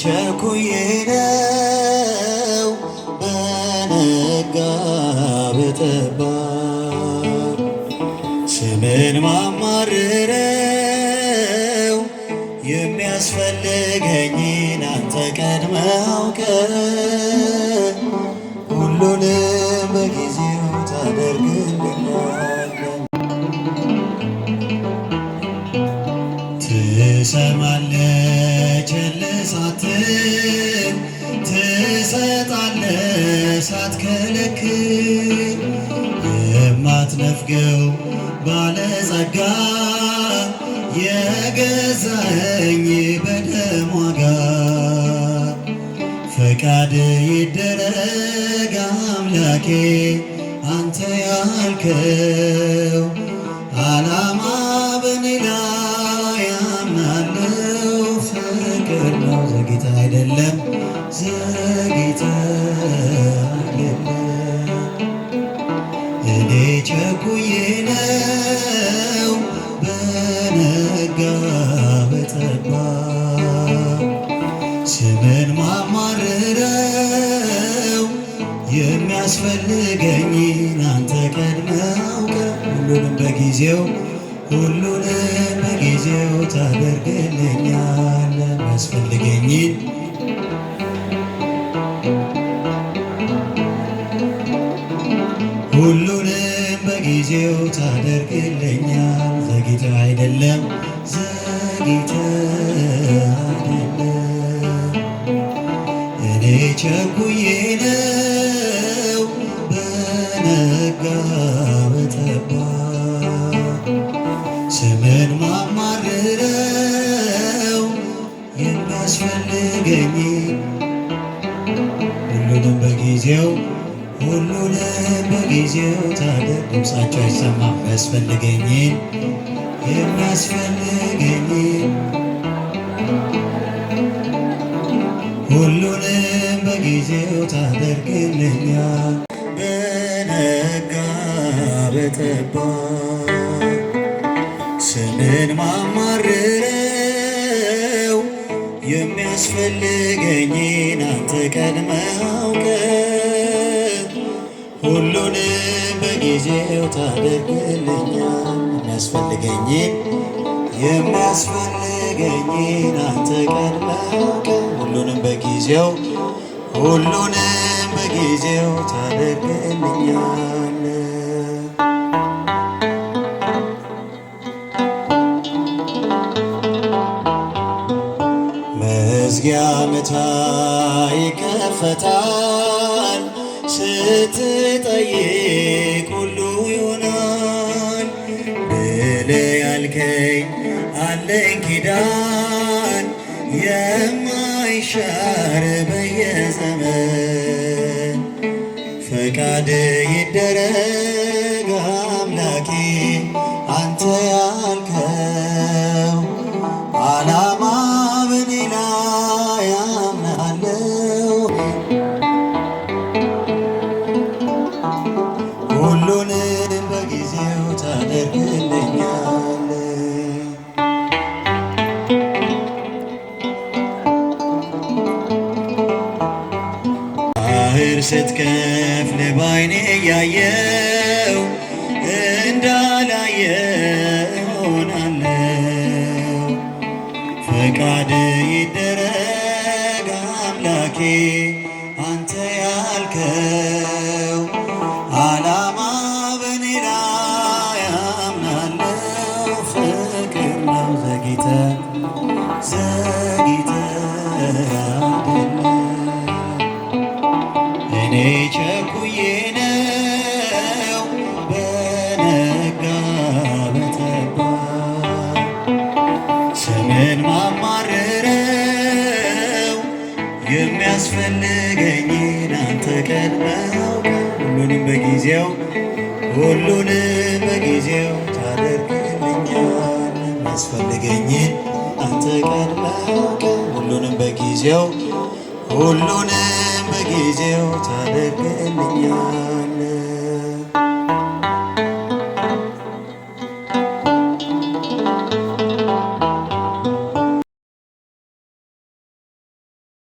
ቸኩዬ ነው በነጋ በጠባ ስምን ማማርረው የሚያስፈልገኝን አንተ ቀድመው ትቀድማለች ሳትል ትሰጣለች ሳትከለክል የማትነፍገው ባለጸጋ የገዛኝ በደም ዋጋ ፈቃድ ይደረግ አምላኬ አንተ ያልከው አላማ ዘግይተሃል እኔ ቸኩዬ ነው በነጋ በጠባ ስምን ማማርረው የሚያስፈልገኝን አንተ ቀድመህ አውቀህ ሁሉንም በጊዜው ሁሉንም በጊዜው ታደርግልኛለህ የሚያስፈልገኝን በጊዜው ታደርግልኛል። ዘግይተ አይደለም ዘግይተ አይደለም እኔ ቸኩዬ ነው በነጋ በጠባ ስምን ማማርረው የሚያስፈልገኝ ሁሉንም በጊዜው ሁሉንም በጊዜው ታደ ድምፃቸው ይሰማ የሚያስፈልገኝን የሚያስፈልገኝን ሁሉንም በጊዜው ታደርግልኛል። በነጋ በጠባ ስምን ማማርረው የሚያስፈልገኝን አንተ ቀድመህ አውቀህ ሁሉንም በጊዜው ታደርግልኛ የሚያስፈልገኝ የሚያስፈልገኝን አንተ ቀድመህ ሁሉንም በጊዜው ሁሉንም በጊዜው ታደርግልኛል። መዝጊያ መታ ይከፈታል ስትጠይቅ ሁሉ ይሆናል ብለህ ያልከኝ አለኝ ኪዳን የማይሻር በየዘመን ፈቃድ ይደረግ አምላኬ አንተ ያልከው አላ ያየው እንዳላየው ሆናለው። ፈቃድ ይደረግ አምላኬ አንተ ያልከው አላማ በኔ ላይ አምናለው። ፍቅር ነው ዘግይተህ ዘግይተህ የሚያስፈልገኝ አንተ ቀድመህ ሁሉንም በጊዜው ሁሉንም በጊዜው ታደርግልኛል። የሚያስፈልገኝን አንተ ቀድመህ ሁሉንም በጊዜው ሁሉንም በጊዜው ታደርግልኛል።